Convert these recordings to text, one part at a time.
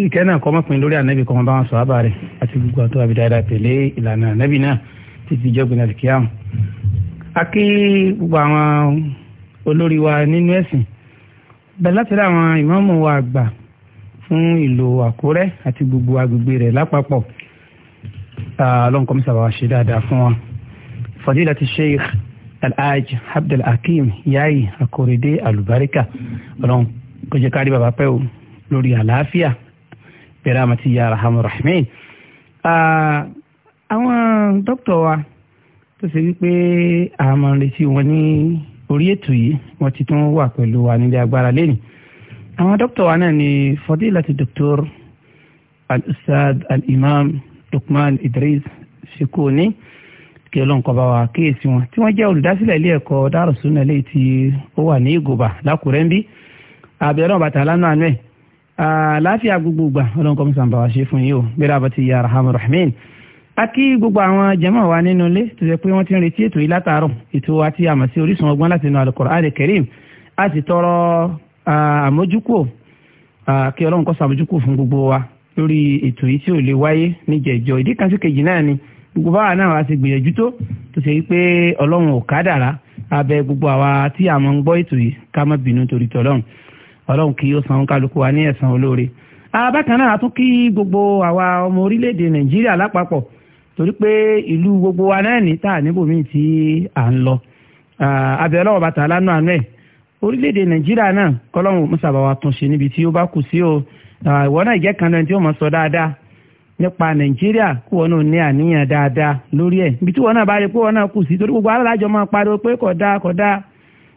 kí ìkẹ́ náà kọ́ mọ́pin lórí ànábì kọ́ mọ́ bá wọn sọ ábà rẹ̀ àti gbogbo àtọ́ àbí dáadáa tẹ̀lé ìlànà ànábì náà títí jọ́gbìn àti kíámù. a kí gbogbo àwọn olórí wa nínú ẹ̀sìn bẹ́ẹ̀ láti rí àwọn ìmáàmù wa àgbà fún ìlú Àkúrẹ́ àti gbogbo agbègbè rẹ̀ lápapọ̀ ọlọ́nkọ́mísàbà wa ṣe dáadáa fún wọn. fadilati sheikh alhaj abdulhakeem yayi akorede alubarika ọlọ́n kó jẹ́ kárí baba pẹ́ lórí àlàáfíà biramati ya rahamu rahimin. àwọn dókítà wa tó ṣe wípé a máa ń retí wọn ní orí ètò yìí wọ́n ti tún wà pẹ̀lú wa nílé agbára lẹ́nu. àwọn dókítà wa náà ni fadilati doctor al-ustad al-imam lukman idris shikuni kí ọlọ́run kó bá wa kíyèsí wọn tí wọ́n jẹ́ olùdásílẹ̀ ilé ẹ̀kọ́ dárùsùn náà léyìí tí ó wà ní ìgòbà lákùrẹ́ ń bí àbẹ̀rẹ̀ ọ̀bàtà lánàá náà láàfíà gbogbo gbà ọlọ́run kọ́ mísàn bá wa ṣe fún yín o bẹ́ẹ̀ rábà ti ya rahman rahman a kí gbogbo àwọn jàmáà wa nínú ilé tó jẹ́ pé wọ́n ti ń retí ètò yìí látàárọ̀ ètò wa ti àmọ̀ sí orísun ọgbọ́n láti inú Al-Qur'an Karim a sì tọrọ àmójúkò kí ọlọ́run kó ṣàmójúkò fún gbogbo wa lórí ètò yìí tí ò lè wáyé níjẹ̀jọ́ ìdí kan sí kejì náà ni gbogbo báwa náà wá sí gbìyànjú tó tó ṣe wípé ọlọ́run ò kádàrá abẹ gbogbo àwa tí àmọ́ ń gbọ́ ètò yìí ká má bínú torí tọ́lọ́run ọlọ́run kí ó san kálukú wa ní ẹ̀sàn olóore ah, bákan a tún kí gbogbo àwa ọmọ orílẹ̀-èdè nàìjíríà lápapọ̀ torí ìlú gbogbo wa náà ní tà tí à ń lọ abẹ́rẹ́ ah, ọ̀bà ẹ̀ wa tún ṣe níbi tí o ah, ìwọ náà kan tí ó mọ̀ sọ dáadáa nípa nàìjíríà wọn náà ní ibi tí wọn náà bá rí pé wọn náà kù sí torí gbogbo pariwo pé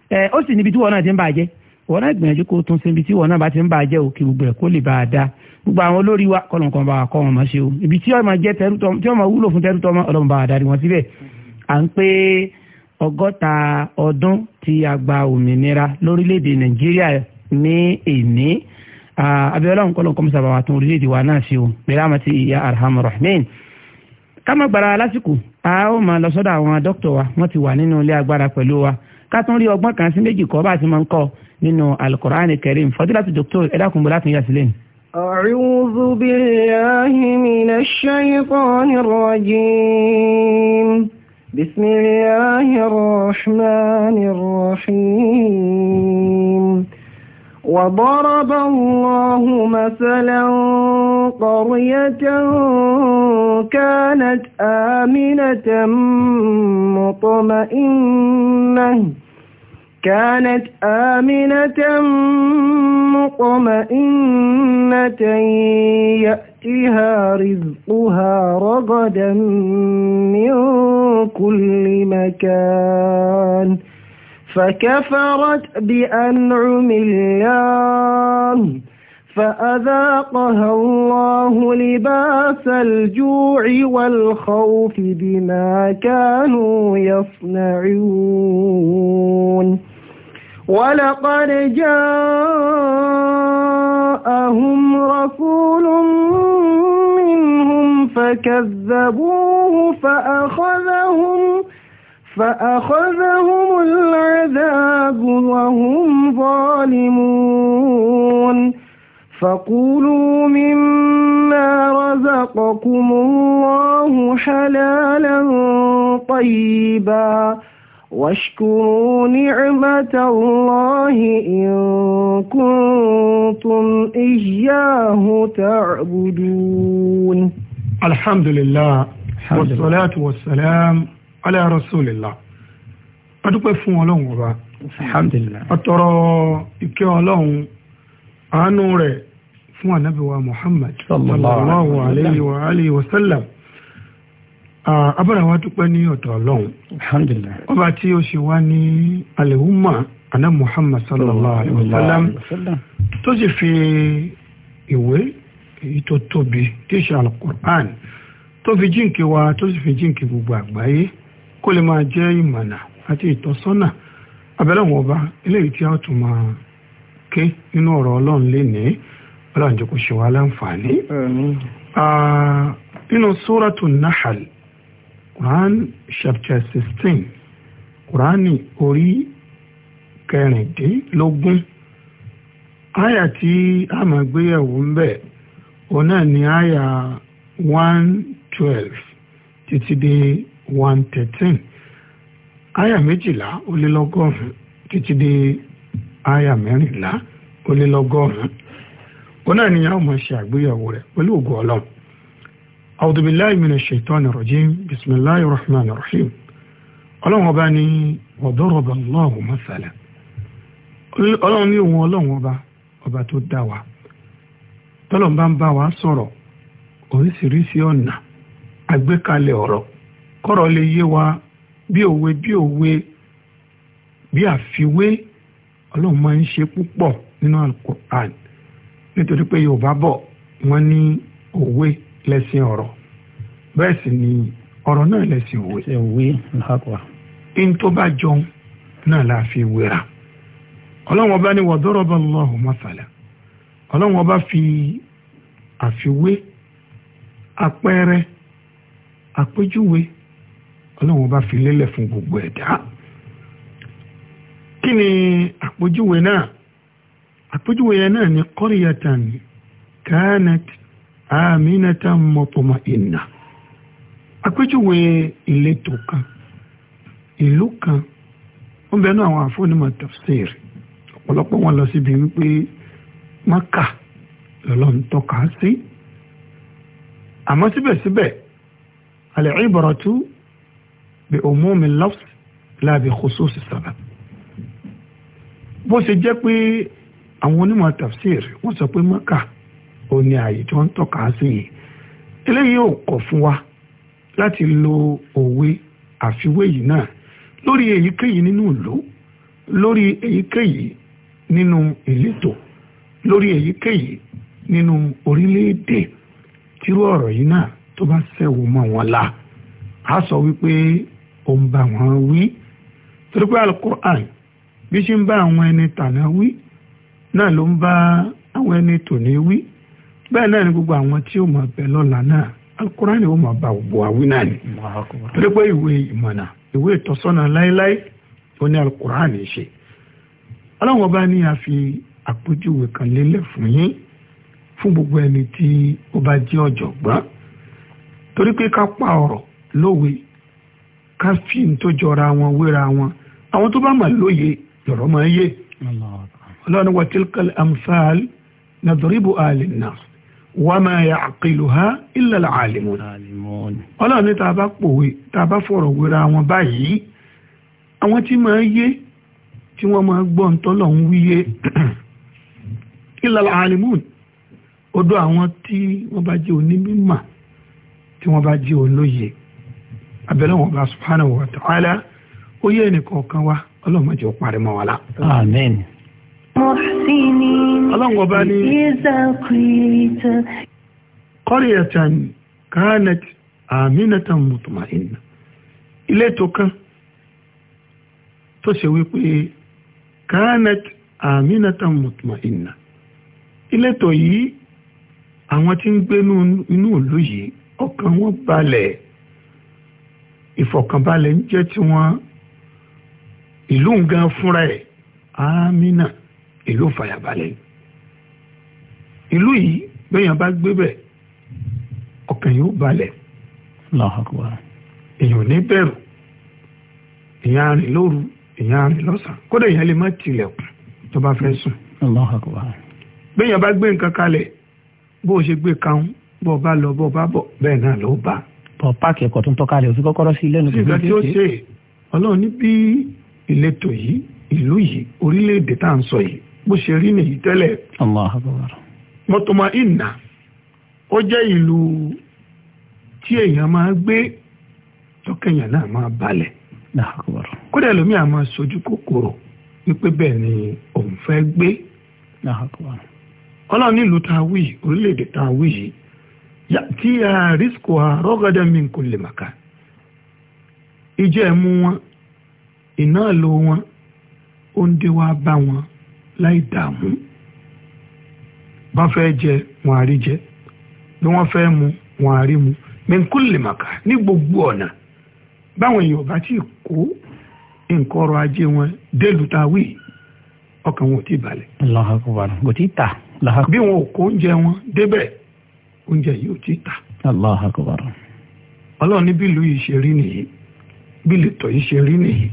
eh, ó sì níbi tí wọn náà wọn náà gbìyànjú kó tún síbi tí wọn náà bá ti ń bá a jẹ́ òkè gbogbo ẹ̀ kó lè bá a dá gbogbo àwọn olórí wa kọlọ̀ kan bá wa kọ́ wọn mọ̀ ṣe o ibi tí ọmọ jẹ́ tẹrútọ́ tí ọmọ wúlò fún tẹrútọ́ ọlọ́run bá wa darí wọn síbẹ̀ à ń pé ọgọ́ta ọdún tí a òmìnira lórílẹ̀‐èdè nàìjíríà ní èní abiola nkọlọ̀ kọ́mọ́sá bá wa tún orílẹ̀‐èdè wa náà ṣe o bẹ̀rẹ̀ àmọ́ ti ìyá kátó rí ọgbọ́n kan sí méjì kọ́ bá a ti máa ń kọ́ nínú alukur'an karim fadilatu doctor ẹ dákun bọ́lá tún yà sílẹ̀. أعوذ بالله من الشيطان الرجيم بسم الله الرحمن الرحيم وضرب الله مثلا قرية كانت آمنة مطمئنة كانت آمنة مطمئنة يأتيها رزقها رغدا من كل مكان فكفرت بأنعم الله فأذاقها الله لباس الجوع والخوف بما كانوا يصنعون ولقد جاءهم رسول منهم فكذبوه فأخذهم فأخذهم العذاب وهم ظالمون فقولوا مما رزقكم الله حلالا طيبا واشكروا نعمة الله إن كنتم إياه تعبدون الحمد لله والصلاة والسلام على رسول الله أدوك فون الله الحمد لله أترى إكي الله أنوري فون نبي محمد صلى الله عليه وآله وسلم abúlé wa dúpẹ́ ní ọ̀dọ̀ ọlọ́run alhamdulillah ọba tí ó ṣe wá ní alẹ́wùmá aná muhammad sallallahu alayhi wa sallam tó sì fi ìwé èyí tó tóbi tí ṣe alukur'an tó fi jíǹkì wa tó sì fi jíǹkì gbogbo àgbáyé kó lè máa jẹ́ ìmọ̀nà àti ìtọ́sọ́nà abẹ́lẹ́wọ̀n ọba eléyìí tí a tún máa ké nínú ọ̀rọ̀ ọlọ́run lénìí ọlọ́run jẹ́ kó ṣe wá láǹfààní. nínú sóràtún nahal Quran chapter sixteen Qurani orí kẹrìndínlógún àyà tí a máa gbéyẹ̀wò ń bẹ̀ òun náà ni àyà one twelve títí dé one thirteen àyà méjìlá ó lé lọ́gọ́rùn-ún títí dé àyà mẹ́rìnlá ó lé lọ́gọ́rùn-ún òun náà ni a máa ṣe àgbéyẹ̀wò rẹ̀ pẹ̀lú ògùn ọlọ́run. أعوذ بالله من الشيطان الرجيم بسم الله الرحمن الرحيم ọlọ́run ọba ni وضرب الله مثلا ọlọ́run ní òun ọlọ́run ọba ọba tó dá wa tọ́lọ́run bá ń bá wa sọ̀rọ̀ oríṣiríṣi ọ̀nà àgbékalẹ̀ ọ̀rọ̀ kọ́rọ̀ lè yé wa bí òwe bí òwe bí àfiwé ọlọ́run máa ń ṣe púpọ̀ nínú alukur'an nítorí pé yorùbá bọ̀ wọ́n ní òwe lẹ́sìn ọ̀rọ̀ bẹ́ẹ̀ sì ni ọ̀rọ̀ náà lẹ́sìn òwe. ṣe òwe nàkọ́. in tó bá la fi wéra ọlọ́wọ́n ọba ni wàdọ́rọ̀bà lọ́hùn mọ́sálà ọlọ́wọ́n ọba fi àfiwé àpẹẹrẹ àpèjúwe ọlọ́wọ́n ọba fi lélẹ̀ fún gbogbo ẹ̀dá kí ni àpèjúwe náà naa yẹn náà ni kọ́ríyàtàn kánẹ́tì. àmínátà mọ̀tòmọ̀ ìnà àpéjúwe ìletò kan ìlú kan ó bẹnu àwọn àfọ́nímọ̀ tafsir ọ̀pọ̀lọpọ̀ wọn lọ síbi wípé maka lọ́lọ́run tọ́ka sí àmọ́ síbẹ̀síbẹ̀ al-ibratu bi umumi al-lafz la bi khususi sabab bó ṣe jẹ́ pé àwọn onímọ̀ tafsir wọ́n sọ pé maka ó ní ààyè tí wọ́n ń tọ́ka sí yìí eléyìí ò kọ̀ fún wa láti lo òwe àfiwé yìí náà lórí èyíkéyìí nínú ìlú lórí èyíkéyìí nínú ìletò lórí èyíkéyìí nínú orílẹ̀-èdè tírú ọ̀rọ̀ yìí náà tó bá sẹ́wò mọ́ wọn la a sọ wípé ó ń bá wọn wí torí pé alukur'an bí ṣe ń bá àwọn ẹni tàná wí náà ló ń bá àwọn ẹni tòní wí bẹ́ẹ̀ náà ni gbogbo àwọn tí ó máa bẹ lọ́la náà alukurani ó máa bá gbogbo àwí náà ni torí pé ìwé ìmọ̀nà ìwé ìtọ́sọ́nà láéláé ó ní alukurani ṣe ọlọ́wọ́n bá ní a fi àpèjúwe kan lélẹ̀ fún yín fún gbogbo ẹni tí ó bá jẹ́ ọ̀jọ̀gbọ́n torí pé ká pa ọ̀rọ̀ lówe ká fi tó jọra wọn wéra wọn àwọn tó bá mà lóye lọ̀rọ̀ máa yé ọlọ́run wa tilkal amsal nadribu alin wa ma ya'qiluha illa al-alimun ọlọ́run ní tàbá pòwe tàbá fọ̀rọ̀ wéra wọn báyìí àwọn tí máa yé tí wọ́n máa gbọ́ ń tọ́lọ̀ ń wíyé illa al-alimun odò àwọn tí wọ́n bá jẹ́ onímọ̀ tí wọ́n bá jẹ́ olóye abẹ́lẹ́ wọn bá subhanahu wa ta'ala ó yẹ ẹnì kọ̀ọ̀kan wa ọlọ́run má jẹ́ ó parí mọ́ wa lá. àmín. mo sì ní ọlọ́run ọba ní kọ́ríyàtàn kánẹt àmínàtàn mùtùmáìnà ilé tó kán tó ṣe wípé kánẹt àmínàtàn mùtùmáìnà ilé tó yìí àwọn tí ń gbé inú ìlú yìí ọkàn wọn balẹ̀ ìfọ̀kànbalẹ̀ ń jẹ́ tiwọn ìlú nǹkan fúnra ẹ̀ àmínà ìlú fàyàbalẹ̀ ìlú yìí bẹ́yàn bá gbé bẹ̀ ọkàn yóò balẹ̀ èèyàn ò ní bẹ̀rù èèyàn á rìn lóru èèyàn á rìn lọ́sàn kódà èèyàn lè má tilẹ̀kùn tó bá fẹ́ sùn bẹ́yàn bá gbé nǹkan kalẹ̀ bó o ṣe gbé kan bó o bá lọ bó o bá bọ̀ bẹ́ẹ̀ náà ló bá. bọ̀ páàkì ẹ̀kọ́ tó ń tọ́ka rẹ̀ òfin kọ́kọ́rọ́ sí ilé ẹnu gbogbo tí ó ṣe ọlọ́run ní bí ìletò yìí ìlú yìí orílẹ̀-èdè tá à ń sọ yìí bó ṣe rí nìyí tẹ́lẹ̀. Allah akbar mọ́tòmá ìnà ó jẹ́ ìlú tí èèyàn máa gbé tọkẹyàn náà máa balẹ̀ kódà lómi àmọ́ sojú kòkòrò wípé bẹ́ẹ̀ ni òun gbé ọlọ́run nílùú ta a orílẹ̀-èdè ta a yìí tí a rísíkò mi kò lè màkà ẹ̀mú wọn wọn ó ń bá fẹ́ jẹ wọn àrí jẹ bí wọ́n fẹ́ mu wọn mu mẹ́ńkúlì màkà ní gbogbo ọ̀nà báwọn èèyàn bá ti kó nǹkan ajé wọn délùú ta wí wọn ò alahakubar ta. bí wọn ò kó oúnjẹ wọn débẹ̀ oúnjẹ yìí ò tí ta. alahakubar. bílù yìí ṣe rí nìyí bílù yìí ṣe rí nìyí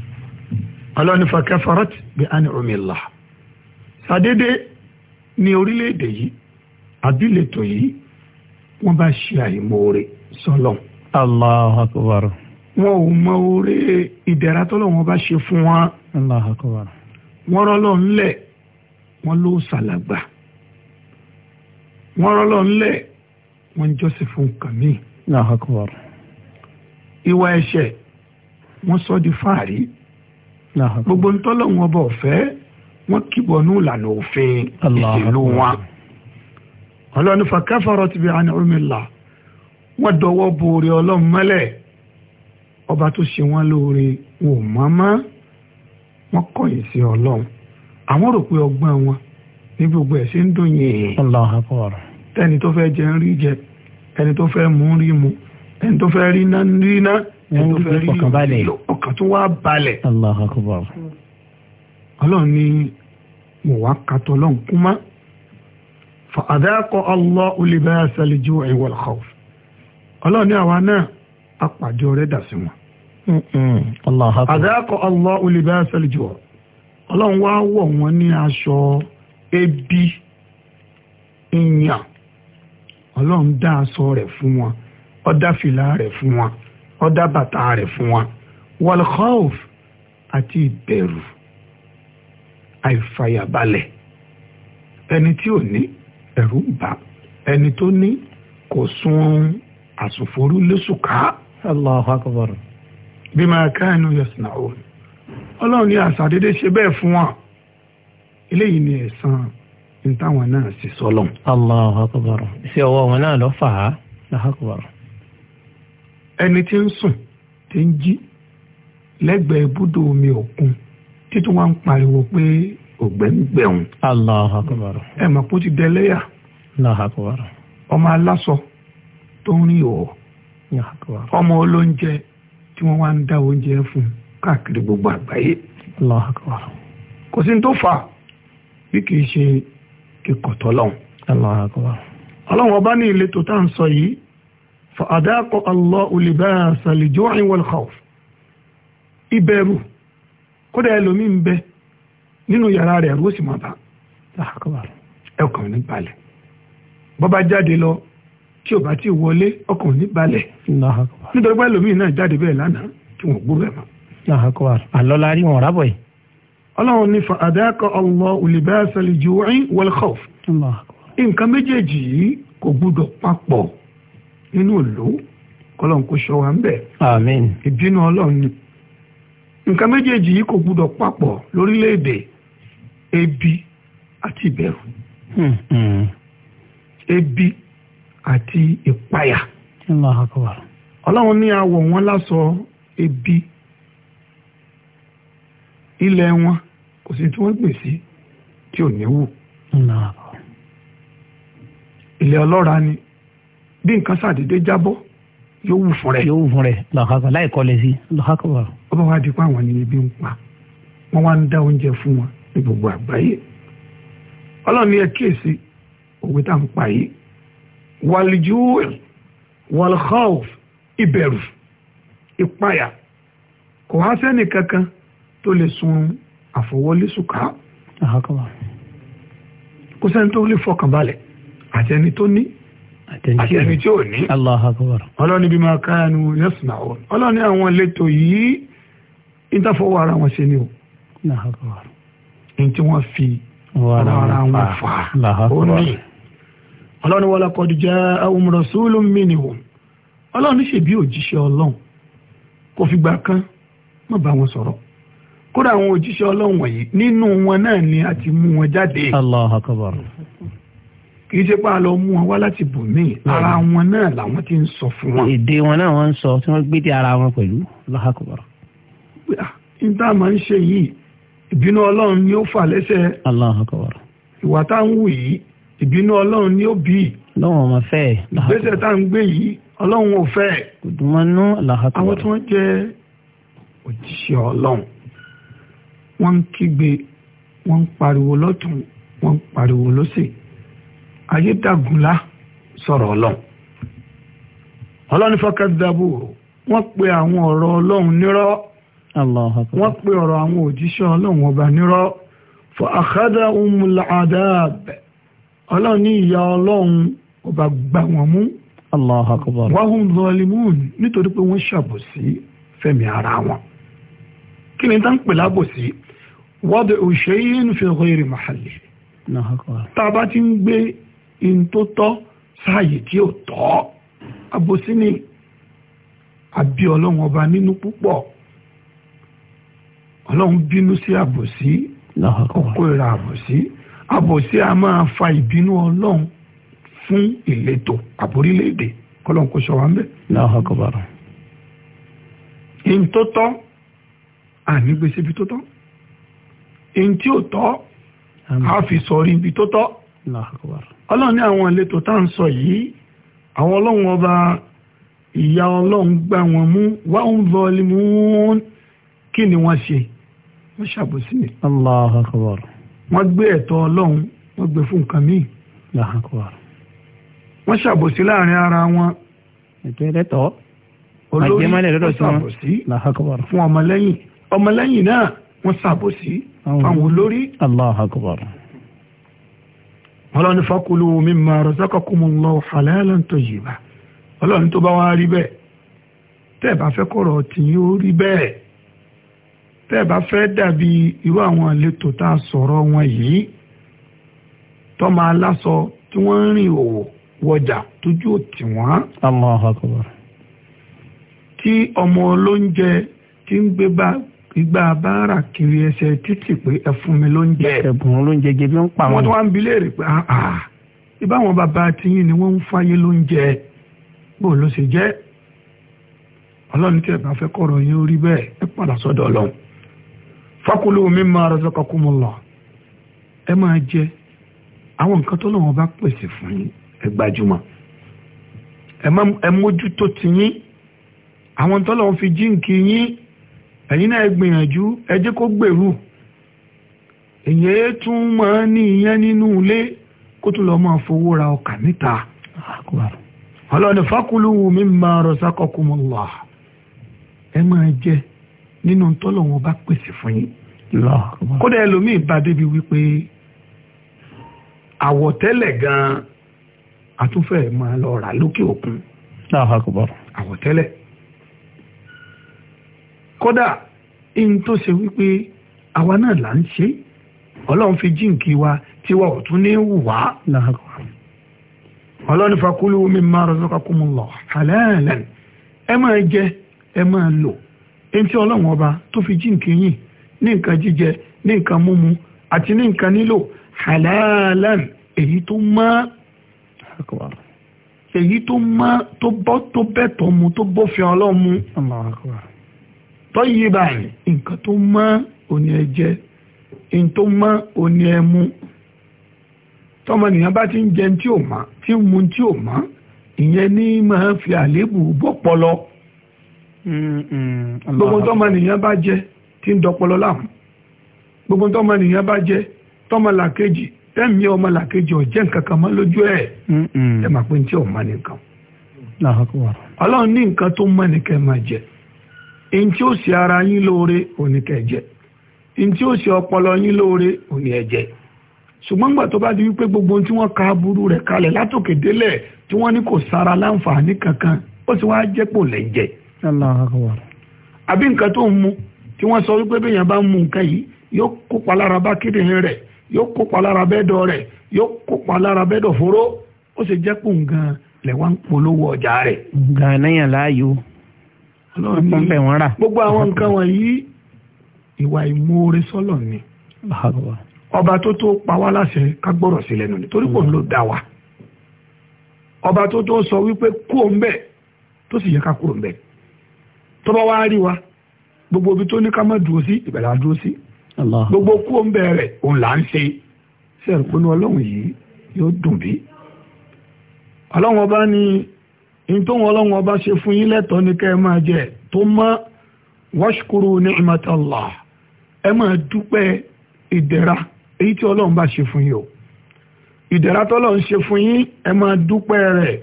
ní orílẹ̀-èdè yìí àbílẹ̀tọ̀ yìí wọ́n bá ṣe àìmoore sọ́lọ̀. Allahu akbar. wọn ò mọ oore ìdẹ̀ra tọ́lọ̀ wọn bá ṣe fún wa. Allahu akbar. wọ́n rọ́lọ́ ńlẹ̀ wọ́n ló ṣàlàgbà wọ́n rọ́lọ́ ńlẹ̀ wọ́n ń jọ́sìn fún kàmí. Allahu akbar. ìwà ẹ̀ṣẹ̀ wọ́n sọ di fáàrí. Allahu akbar. gbogbo ntọ́lọ̀ wọn bọ̀ fẹ́ẹ́ wọ́n kíbọ̀ ní ìlànà òfin ìlú wọn ọlọ́ni fàkẹ́fọ̀rọ̀ ti bí i àná omi là wọ́n dọwọ́ bo orí ọlọ́run mọ́lẹ̀ ọba tó ṣe wọ́n lóore wò mọ́mọ́ wọ́n kọ̀yìn sí ọlọ́run àwọn rò pé ọgbọ́n wọn ní gbogbo ẹ̀ ṣe ń dùn yìnyín tẹni tó fẹ́ jẹ ń rí jẹ ẹni tó fẹ́ mú rí mu ẹni tó fẹ́ rí ná rí ná ẹni tó fẹ́ rí ọkàn tó wá balẹ̀. ọlọ́run ní mo wá katọ́ fa adhaqa Allahu ọlọ́run ní àwa náà apàdé ọrẹ́ dà sí wọn. adhaqa Allahu libasa al-ju' ọlọ́run wá wọ̀ wọ́n ní ebi ìyàn ọlọ́run dá aṣọ rẹ̀ fún wọn fìlà rẹ̀ fún wọn àìfàyàbalẹ̀ ẹni tí ò ní ẹ̀rù ń bà ẹni tó ní kò sun àsùnfòrú lóṣùká. Allahu akbar. bí máa ká inú yasna òun ọlọ́run ní àṣà dédé ṣe bẹ́ẹ̀ fún wọn eléyìí ni ẹ̀san ní táwọn náà sì sọlọ́n. Allahu akbar. ṣé ọwọ́ wọn náà lọ fà á Allahu akbar. ẹni tí ń sùn tí ń jí lẹ́gbẹ̀ẹ́ ibùdó omi òkun títún wá ń pariwo pé ògbẹ́ngbẹ̀hún. Allahu Akbar. ẹ mọ̀ pé ó ti dẹlẹ́yà. Allahu Akbar. ọmọ aláṣọ tó ń rìn ìwọ̀. Allahu Akbar. ọmọ olóúnjẹ tí wọ́n wá ń dá oúnjẹ fún káàkiri gbogbo àgbáyé. Allahu Akbar. kò sí ní tó fà bí kì í ṣe kíkọ̀ tọ́lọ́hún. Allahu Akbar. ọlọ́run ọba ní ìletò tá à ń sọ yìí fa adāqa Allāhu libāsa al-jū'i wal-khawf ìbẹ̀rù kódà ẹlòmí ń bẹ nínú yàrá rẹ̀ ẹ̀rú òsì mọ̀ọ́bà ẹ̀kàn ní balẹ̀ bọ́bá jáde lọ tí ò bá ti wọlé ọkàn ní balẹ̀ nítorí pé náà jáde bẹ́ẹ̀ lánàá tí wọ́n gbúrò ẹ̀ mọ́. rí wọn rábọ̀ yìí. ọlọ́run ní fa nǹkan méjèèjì yìí kò gbúdọ̀ papọ̀ nínú òlò kọ́lọ́n kò wa ń bẹ̀. nǹkan méjèèjì yìí kò gbúdọ̀ papọ̀ lórílẹ̀‐èdè ebi àti ìbẹ̀rù hmm, hmm. ebi àti ìpayà ọlọ́run ní awọ̀ wọn lásọ ebi ilẹ̀ wọn kò sí tí wọ́n gbìn sí tí ò ní wù ilẹ̀ ọlọ́ra bí nǹkan yóò wù fún yóò wù fún ọba wa di pa àwọn ní ibi ń pa wọn wá ń dá oúnjẹ fún wọn ní gbogbo àgbáyé ọlọ́run yẹ kíyèsí òwe tá à ń pa yìí wàlìjúwèl wàlìkọ́ọ̀f ìbẹ̀rù ìpayà kò há sẹ́ni kankan tó lè sun àfọwọ́lẹ́sùká kò sẹ́ni tó lè fọkàn balẹ̀ àti ẹni tó ní àti ẹni tí ò ní ọlọ́run bí máa káyanu yẹ́sùn àwọn ọlọ́run àwọn ìletò yìí ìtàfọwọ́ ara wọn ṣe ni o ní tí wọ́n fi ara wọn fà ó ní ọlọ́run wọlé kọ́dí jẹ́ ahum rasulun minhum ọlọ́run ṣe bí òjíṣẹ́ ọlọ́run kò fìgbà kan má bá wọn sọ̀rọ̀ kódà àwọn òjíṣẹ́ ọlọ́run wọ̀nyí nínú wọn náà ni a ti mú wọn jáde Allahu Akbar kì í ṣe pé a lọ mú wọn wá láti bò míì ara wọn náà làwọn ti ń sọ fún wọn. èdè wọn náà wọn ń sọ tí wọn gbé dé ara wọn pẹ̀lú Allahu pé ah, níta máa ń ṣe yìí ìbínú ọlọ́run ni ó fà lẹ́sẹ̀. Allahu Akbar. ìwà tá à ń wù yìí ìbínú ọlọ́run ni ó bì. lọ́wọ́n ọmọ fẹ́ ẹ̀. ìgbésẹ̀ tá à ń gbé yìí ọlọ́run ò fẹ́ ẹ̀. kùdùmọ́nú Allahu àwọn tí wọ́n jẹ́ òjíṣẹ́ ọlọ́run wọ́n ń kígbe wọ́n ń pariwo lọ́tún wọ́n ń pariwo lọ́sẹ̀ ayédàgúnlá sọ̀rọ̀ ọlọ́run ọlọ́run fọ́kàdàbò wọ́n pe àwọn ọ̀rọ̀ ọlọ́run nírọ́ wọ́n pe ọ̀rọ̀ àwọn òjíṣẹ́ ọlọ́run ọba nírọ́ fọ àkádà umula adab ọlọ́run ní ìyá ọlọ́run ọba gbà wọ́n mú wọ́n hùn zọlímùn nítorí pé wọ́n ṣàbòsí fẹ̀mí ara wọn kí ni tán pè lábòsí wọ́dọ̀ òṣèyìn fi ghairi mahalli tá a bá ti ń gbé in tọ́ sáàyè tí ò tọ́ àbòsí ni àbí ọlọ́run ọba nínú púpọ̀ ọlọ́run bínú sí àbòsí ọkọ ìra àbòsí àbòsí a máa fa ìbínú ọlọ́run fún ìletò àbórílẹ̀-èdè kọ́lọ́n kò sọ wá ń bẹ̀. in tó tọ́ àní gbèsè ibi tó tọ́ in tí ò tọ́ a fi sọ̀rí ibi tó tọ́ ọlọ́run ní àwọn ìletò tá à ń sọ yìí àwọn ọlọ́run ọba ìyá ọlọ́run gbá wọn mú wọ́n ń vọ́ọ́lì mú kí ni wọ́n ṣe wọ́n ṣàbòsí ẹ̀. Allahu akbar. wọ́n gbé ẹ̀tọ́ ọlọ́run wọ́n gbé fún nǹkan míì. Allahu akbar. wọ́n ṣàbòsí láàrin ara wọn. ètò ẹlẹ́tọ̀ olórí wọ́n ṣàbòsí fún ọmọlẹ́yìn ọmọlẹ́yìn náà wọ́n ṣàbòsí fáwọn olórí. Allahu akbar. wọ́n lọ ní fakulu mimma razaqakumullahu halalan tayyiba ọlọ́run tó bá wá rí bẹ́ẹ̀ tẹ́ẹ̀ bá fẹ́ kọ̀rọ̀ tì yín rí bẹ́ẹ̀ tẹ́ ẹ bá fẹ́ dàbí irú àwọn ìletò tá a sọ̀rọ̀ wọn yìí tọ́mọ aláṣọ tí wọ́n ń rìn òwò wọjà tójú òtì wọ́n. Allahu Akbar. tí ọmọ olóúnjẹ ti ń gbé bá ìgbà báárà kiri ẹsẹ̀ títì pé ẹ fún mi lóúnjẹ. ẹ̀bùn olóúnjẹ jẹbi ń pa wọn. wọ́n tún wá ń bi léèrè pé ìbáwọn bàbá tiyín ni wọ́n ń fáyé lóúnjẹ bó ló ṣe jẹ́ ọlọ́run tí ẹ bá fẹ́ kọ̀rọ̀ yín ó rí bẹ́ẹ̀ ẹ padà sọ́dọ̀ ọlọ́run. fakulu mimma razaqakumullah ẹ máa jẹ àwọn nǹkan tó wọn bá pèsè fún yín ẹ to ẹ mójútó ti yín àwọn tó lọ́wọ́ fi jíǹkì yín ẹ̀yin náà ẹ gbìyànjú ẹ jẹ́ kó gbèrú èyí tún máa ní ìyẹn nínú ilé kó tún lọ́ọ́ ẹ máa jẹ. nínú tọ́lọ̀ wọn bá pèsè fún yín kódà ẹlòmíì bá débi wípé àwọ̀tẹ́lẹ̀ gan-an àtúnfẹ́ máa lọ rà lókè òkun àwọ̀tẹ́lẹ̀ kódà in tó ṣe wípé àwa náà là ń ṣe ọlọ́run fi jíǹkí wa tiwa ò tún ní wù wá ọlọ́run fakulu mimma razaqakumullah halalan ẹ máa jẹ ẹ máa lò èyí tí ọlọ́run ọba tó fi jíǹkì yìn ní nǹkan jíjẹ ní nǹkan múmu àti ní nǹkan nílò halalan èyí tó mọ́ èyí tó mọ́ tó bọ́ tó bẹ́tọ̀ mu tó bófin ọlọ́run mu tó yí báyìí nǹkan tó mọ́ òní ẹ jẹ èyí tó mọ́ òní ẹ mu tọmọnìyàn bá ti ń jẹun tí ò mọ́ tí ń mu tí ò mọ́ ìyẹn ní máa fi àléébù bọ́pọlọ. gbogbo tọ́mọ nìyẹn bá jẹ́ tí ń dọpọlọ láàmú gbogbo bá tẹ́mi ọmọ nǹkan kan mọ́ lójú ẹ̀ ẹ̀ máa tí nìkan. ọlọ́run ní nǹkan tó nìkan jẹ tí ó ṣe ara yín lóore òní tí ó ọpọlọ yín lóore ṣùgbọ́n gbà tó bá di wípé gbogbo tí wọ́n ka aburú rẹ̀ kalẹ̀ látòkè délẹ̀ tí wọ́n ní kò sára láǹfààní kankan ó sì wá jẹ́ pò lẹ́jẹ̀ẹ́ àbí nǹkan tó ń mu tí wọ́n sọ wípé bẹ́ẹ̀ yẹn bá ń mu nǹkan yìí yóò kópa lára bá kíndìnrín rẹ̀ yóò kópa lára bẹ́ẹ̀dọ̀ rẹ̀ yóò kópa lára bẹ́ẹ̀dọ̀ fóró ó sì jẹ́ pò nǹkan lẹ̀ ń polówó ọjà rẹ̀. gan náyàn láàyò gbogbo àwọn nǹkan wọ̀nyí ìwà ìmoore sọ́lọ̀ ni ọba tó tó pa wá láṣẹ ká gbọ́rọ̀ sí lẹ́nu ni torí kò ń ọba tó tó sọ wípé kó tọ́bọ̀ wá rí wa gbogbo ibi tó ní ká má dúró sí ìbẹ̀rẹ̀ àdúró sí gbogbo kú ó ń bẹ̀rẹ̀ òun là ń ṣe sẹ́rù pé ní ọlọ́run yìí yóò dùn bí ọlọ́run ọba ni ìtòun ọlọ́run ọba ṣe fún yín lẹ́tọ̀ọ́ ní kẹ́ ẹ máa jẹ tó mọ́ washkuru ni'matallah ẹ máa dúpẹ́ ìdẹ̀ra èyí tí ọlọ́run bá ṣe fún yín o ìdẹ̀ra tọ́lọ́run ṣe fún yín ẹ máa dúpẹ́ rẹ̀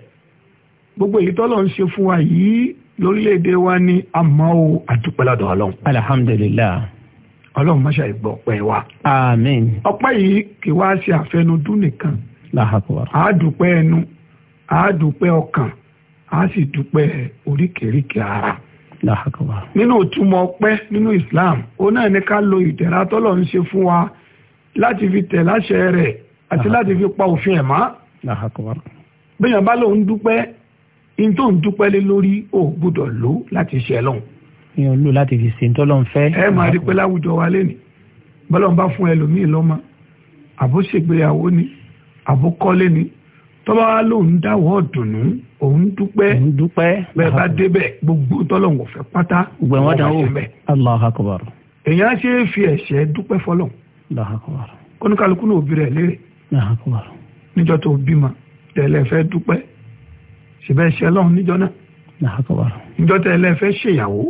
gbogbo èyí tọ́lọ́run ṣe fún wa yìí lórílẹ̀‐èdè wa ní àmọ́ o àdúpẹ́ládọ̀ ọlọ́run. alhamdulilayi. ọlọ́run máṣe ìgbọ́ ọpẹ́ wa. àmín. ọpẹ́ yìí kì wá ṣe àfẹnudún nìkan. làhàkùwà. àádùpẹ́ ẹnu àádùpẹ́ ọkàn àá sì dúpẹ́ oríkèéríkèé ara. làhàkùwà. nínú ìtumọ̀ ọpẹ́ nínú islam òun náà ní ká lo ìdẹ̀ra tọ́lọ̀ ń ṣe fún wa láti fi tẹ̀ láṣẹ rẹ̀ àti láti fi pa òfin ẹ̀ mọ́. làhàkùwà. bí èèyàn bá lóun dúpẹ́ n tó ń dúpẹ́ lé lórí ò gbúdọ̀ lò láti ṣe ẹ lọ́hùn. mi ò lò láti fi ṣe ń tọ́lọ́ fẹ́. ẹ máa rí pé láwùjọ wa lé ní bọ́lá ń bá fún ẹlòmíì lọ́mọ àbó ṣègbéyàwó ni àbó kọ́lé ni tọ́ba wa lòun dáwọ́ dùnú òun dúpẹ́ òun dúpẹ́ bẹ́ẹ̀ bá débẹ̀ gbogbo tọ́lọ̀ wọ̀ fẹ́ pátá gbogbo wọn dánwò Allahu Akbar. èèyàn ṣe é fi ẹ̀ṣẹ̀ dúpẹ́ fọlọ́ Allahu Akbar. kóníkàlùkù náà òbí rẹ̀ léèrè níjọ́ tó bímọ tẹ̀lé fẹ́ dúpẹ́ ṣèbẹ́ ṣe ọlọ́run níjọ náà níjọ tẹ ẹ lẹ́fẹ́ ṣèyàwó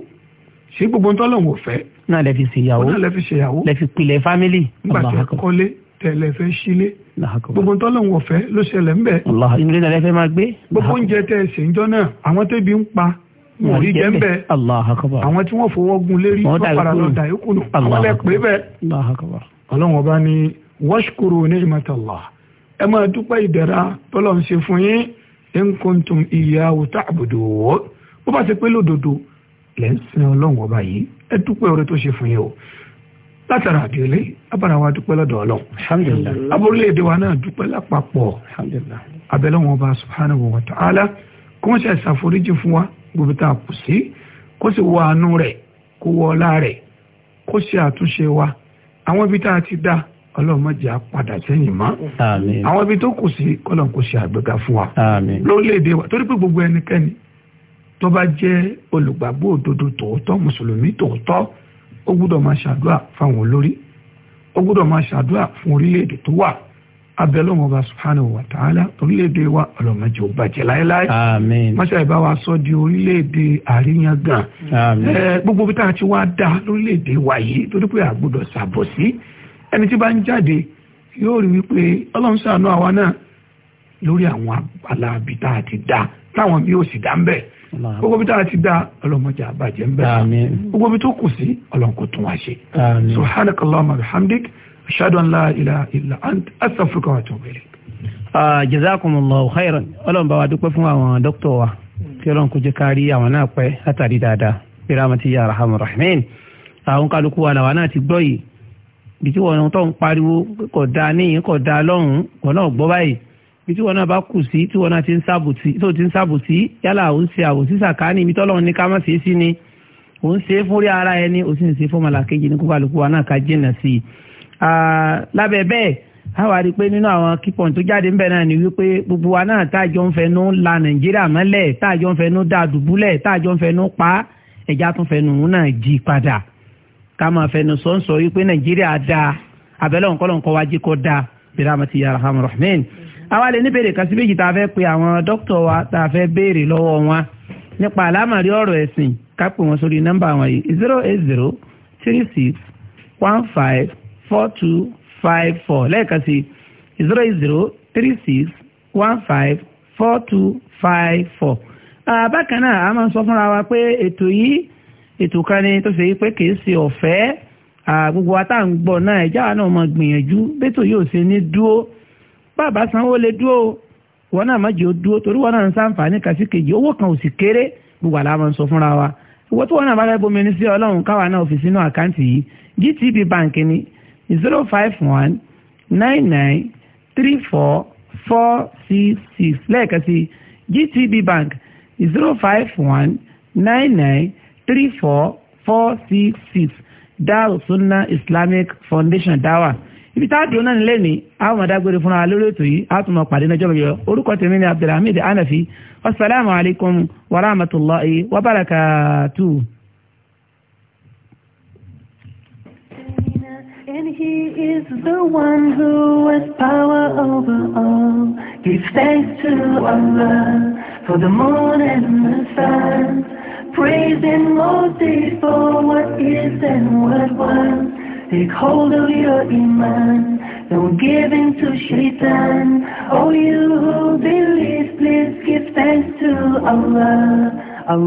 ṣé gbogbo ntọ́ lọ́wọ́ fẹ́. náà lẹ fi ṣèyàwó náà lẹ fi ṣèyàwó lẹ fi pilẹ̀ fámìlì. nígbà tí ẹ kọ́lé tẹ lẹ fẹ́ sílé gbogbo ntọ́ lọ́wọ́ fẹ́ ló ṣẹlẹ̀ ńbẹ. ìrìn náà lẹ fẹ́ máa gbé. gbogbo oúnjẹ tẹ ẹ ṣe ń jọ náà àwọn tẹ́bi ń pa wọn rí jẹ ńbẹ àwọn tí wọ́n fọwọ́ gun lérí wọ́n fara lọ dà yókù in kuntum iyyahu ta'budun bó bá ṣe pé lódodo lẹ́ ń sin ọlọ́run ọba yìí ẹ dúpẹ́ oore tó ṣe fún yín o látara àdìrẹ́lẹ́ abára wa dúpẹ́ lọ́dọ̀ ọlọ́run alhamdulillah aborílẹ̀-èdè wa náà dúpẹ́ lápapọ̀ alhamdulillah abẹ́lẹ́wọn ọba subhanahu wa ta'ala kó wọ́n ṣe àṣàforíjì fún wa gbogbo tá a kù sí kó sì wọ àánú rẹ̀ kó wọ ọlá rẹ̀ kó ṣe àtúnṣe wa àwọn ibi tá a ti dá ọlọ́run má jẹ́ àpadà sẹ́yìn mọ́ àwọn ibi tó kù sí ọlọ́run kò ṣe àgbéga fún wa lórílẹ̀‐èdè wa torí pé gbogbo ẹnikẹ́ni tó bá jẹ́ olùgbàgbọ́ òdodo tòótọ́ mùsùlùmí tòótọ́ ó gbúdọ̀ máa ṣàdúrà fáwọn olórí ó gbúdọ̀ máa ṣàdúrà fún orílẹ̀ tó wà abẹ́lọ́wọ́n ọba subhanahu wa ta'ala orílẹ̀-èdè wa ọlọ́mọdé ò bàjẹ́ láéláé mọ́ṣá ìbá wa sọ di orílẹ̀-èdè àríyàngàn gbogbo bí táwọn ti wá dá lórílẹ̀-èdè wa yìí torí pé àgbọ̀dọ̀ ṣàbòsí ẹni tí bá ń jáde yóò rí wípé ọlọ́run ṣàánú àwa náà lórí àwọn abala bí tá a ti dá táwọn bí ó sì dá ń bẹ̀ gbogbo bí tá a ti dá ọlọ́mọdé àbàjẹ́ ń bẹ̀ gbogbo bí tó kù sí ọlọ́run kò tún wá ṣe subhanakallahumma wa bihamdik ashhadu an la ilaha illa anta astaghfiruka wa atubu ilayk jazakumullahu khairan ọlọ́run bá wa dúpẹ́ fún àwọn dókítà wa kí ọlọ́run kó jẹ́ kárí àwọn náà pẹ́ látàrí dáadáa bí rámatí ya arhamar rahimin àwọn kálukú wa làwọn náà ti gbọ́ yìí bí tí wọn tó ń pariwo kò dáa níyìn kò dáa lọ́hùn-ún wọn náà gbọ́ báyìí bí tí wọn bá kù sí tí wọn ti ń sàbòsí tó ti ń sàbòsí yálà ò ń ṣe àbòsí sàkáání ibi tọ́lọ́run ní ká má ṣe é sí ni ò ń ṣe é fúnrí ara ẹni ò sì ń ṣe é fọmọlà kejì ní kókàlùkù wa náà ká jìnnà sí i. lábẹ́ bẹ́ẹ̀ a wá rí i pé nínú àwọn kípọ̀n tó jáde ńbẹ náà ni wípé gbogbo wa náà táàjọ ń fẹnu la nàìjíríà mọ́lẹ̀ táàjọ ń fẹnu dá dùbúlẹ̀ táàjọ ń fẹnu pa ẹ̀já tún fẹnu òun náà jí padà ká máa fẹnu sọ́nsọ́ wípé nàìjíríà dáa abẹ́lẹ́ òǹkọ́lọ́ǹkọ́ wájú kọ́ dáa bíráàmù ti yàrá hàn rahman. àwa lè ní béèrè kan sí méjì tá a fẹ́ pe àwọn dókítà wa tá a fẹ́ béèrè lọ́wọ́ wọn nípa àlámàrí ọ̀rọ̀ ẹ̀sìn ká pè wọ́n sórí nọ́mbà wọn yìí zero eight zero three six one five four two five four lẹ́ẹ̀kan sí zero eight zero three six one five four two five four. bákan náà a máa sọ fúnra wa pé ètò yìí ètò kan ni tó ṣe yí pé kìí ṣe ọ̀fẹ́ gbogbo atáǹgbọ̀ náà ẹ̀já wa náà mọ̀ gbìyànjú bẹ́tò yóò ṣe ní dúó bàbá sanwó lè dúó wọn náà má jẹ́ ó dúó torí wọn náà ń sàǹfààní kàṣí kejì owó kan ò sì kéré gbogbo àlá sọ fúnra wa owó tí wọn náà bá fẹ́ bomi ní sí ọlọ́run káwa náà fi sínú àkáǹtì yìí GTB bank ni zero five one nine nine three four four six six lẹ́ẹ̀kan sí GTB bank zero five one nine nine. three four four six six Darus Sunnah Islamic Foundation Dawa ibi tá a náà nílé ní àwọn ọmọdágbére fúnra lórí ètò yìí a tún mọ pàdé náà jọba yọ orúkọ tèmi ni Abdulhamid Anafi wasalaamu alaykum wa rahmatulahi wa And he is the one who has power over all. Give thanks to Allah for the moon and the sun praising Moses for what is and what was. Take hold of your iman, don't give in to shaitan. Oh, you who believe, please give thanks to Allah. Allah.